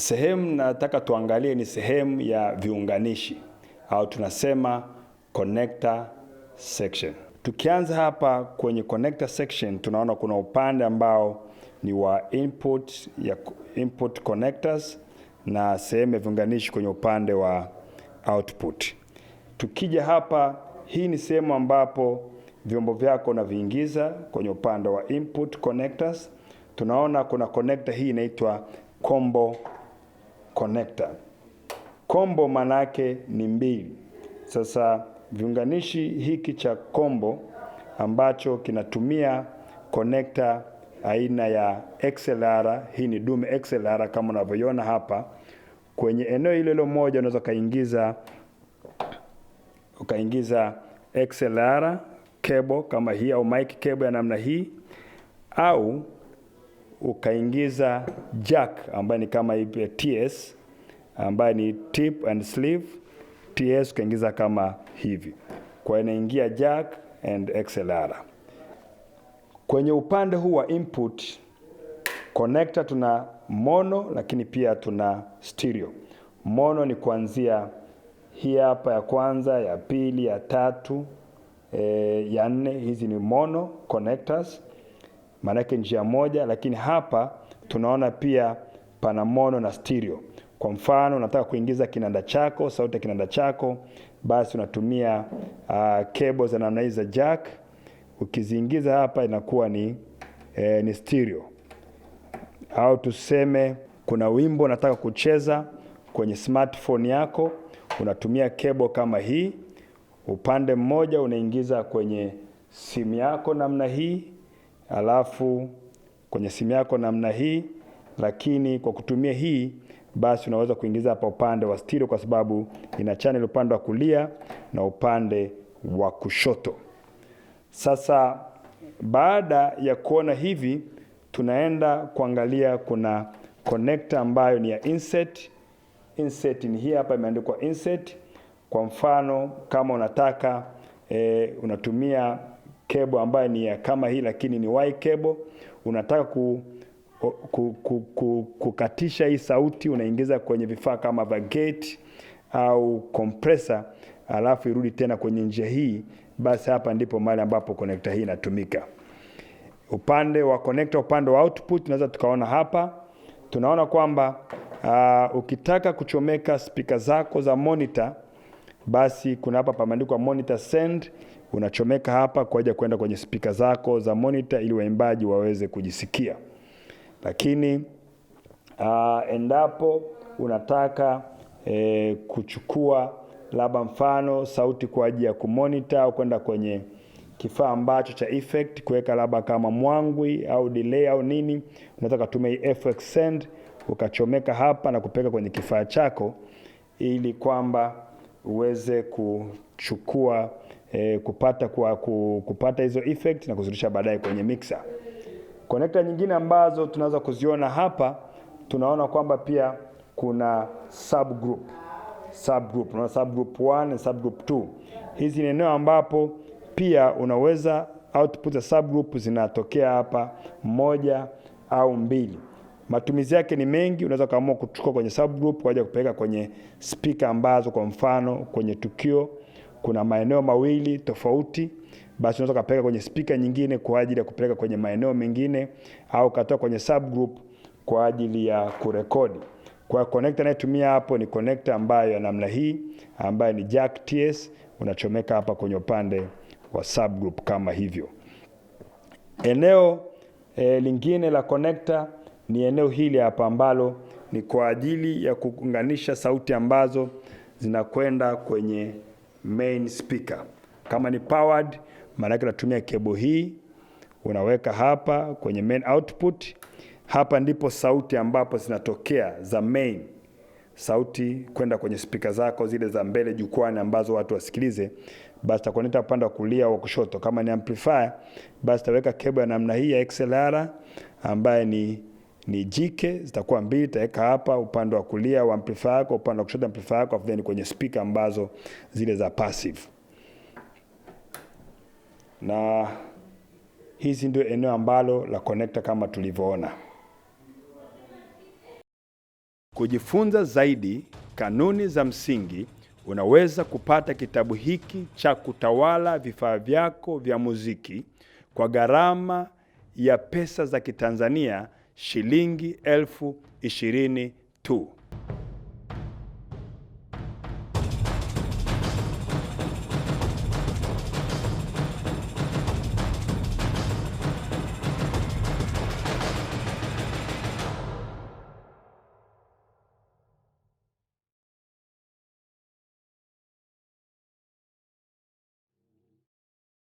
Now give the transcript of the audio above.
Sehemu nataka tuangalie ni sehemu ya viunganishi au tunasema connector section. Tukianza hapa kwenye connector section, tunaona kuna upande ambao ni wa input ya input connectors na sehemu ya viunganishi kwenye upande wa output. Tukija hapa, hii ni sehemu ambapo vyombo vyako unaviingiza kwenye upande wa input connectors. Tunaona kuna connector hii inaitwa combo connector. Combo manake ni mbili. Sasa viunganishi hiki cha combo ambacho kinatumia connector aina ya XLR, hii ni dume XLR kama unavyoiona hapa. Kwenye eneo hilo hilo moja unaweza ukaingiza ukaingiza XLR cable kama hii au mic cable ya namna hii au ukaingiza jack ambaye ni kama hivi TS ambaye ni tip and sleeve TS, ukaingiza kama hivi, kwa inaingia jack and XLR. Kwenye upande huu wa input connector tuna mono, lakini pia tuna stereo. Mono ni kuanzia hii hapa ya kwanza, ya pili, ya tatu, e, ya nne. Hizi ni mono connectors maanake njia moja, lakini hapa tunaona pia pana mono na stereo. Kwa mfano unataka kuingiza kinanda chako, sauti ya kinanda chako, basi unatumia uh, cable za namna hizi za jack. Ukiziingiza hapa inakuwa ni, eh, ni stereo. Au tuseme kuna wimbo unataka kucheza kwenye smartphone yako, unatumia cable kama hii, upande mmoja unaingiza kwenye simu yako namna hii alafu kwenye simu yako namna hii, lakini kwa kutumia hii basi unaweza kuingiza hapa upande wa stereo kwa sababu ina channel upande wa kulia na upande wa kushoto. Sasa baada ya kuona hivi, tunaenda kuangalia kuna connector ambayo ni ya insert. Insert ni hii hapa, imeandikwa insert. Kwa mfano kama unataka e, unatumia kebo ambayo ni ya kama hii lakini ni Y kebo. Unataka ku, ku, ku, ku, kukatisha hii sauti, unaingiza kwenye vifaa kama vya gate au compressor, alafu irudi tena kwenye njia hii. Basi hapa ndipo mahali ambapo connector hii inatumika. Upande wa connector, upande wa output, tunaweza tukaona hapa, tunaona kwamba uh, ukitaka kuchomeka spika zako za monitor, basi kuna hapa pameandikwa monitor send unachomeka hapa kwaja kwenda kwenye spika zako za monitor ili waimbaji waweze kujisikia. Lakini uh, endapo unataka eh, kuchukua labda mfano sauti kwa ajili ya kumonitor au kwenda kwenye kifaa ambacho cha effect kuweka labda kama mwangwi au delay au nini, unataka kutumia FX Send ukachomeka hapa na kupeka kwenye kifaa chako ili kwamba uweze kuchukua e, kupata kwa kupata hizo effect na kuzirudisha baadaye kwenye mixer. Connector nyingine ambazo tunaweza kuziona hapa, tunaona kwamba pia kuna subgroup subgroup, na subgroup 1 na subgroup 2. Hizi ni eneo ambapo pia unaweza output za subgroup zinatokea hapa, moja au mbili. Matumizi yake ni mengi, unaweza kaamua kuchukua kwenye subgroup kwa ajili ya kupeleka kwenye speaker ambazo, kwa mfano, kwenye tukio kuna maeneo mawili tofauti, basi unaweza kupeleka kwenye spika nyingine kwa ajili ya kupeleka kwenye maeneo mengine, au katoa kwenye subgroup kwa ajili ya kurekodi. Kwa connector anayetumia hapo ni connector ambayo ya namna hii ambayo ni jack TS, unachomeka hapa kwenye upande wa subgroup kama hivyo. Eneo e, lingine la connector ni eneo hili hapa ambalo ni kwa ajili ya kuunganisha sauti ambazo zinakwenda kwenye main speaker. Kama ni powered, maana yake unatumia kebo hii unaweka hapa kwenye main output. Hapa ndipo sauti ambapo zinatokea za main sauti kwenda kwenye spika zako zile za mbele jukwani ambazo watu wasikilize, basi takuoneta upande wa kulia wa kushoto. Kama ni amplifier, basi taweka kebo ya namna hii ya XLR ambaye ni ni jike, zitakuwa mbili, itaweka hapa upande wa kulia wa amplifier yako, upande wa kushoto amplifier yako, afu then kwenye speaker ambazo zile za passive. Na hizi ndio eneo ambalo la connector kama tulivyoona. Kujifunza zaidi kanuni za msingi, unaweza kupata kitabu hiki cha kutawala vifaa vyako vya muziki kwa gharama ya pesa za Kitanzania shilingi elfu ishirini tu.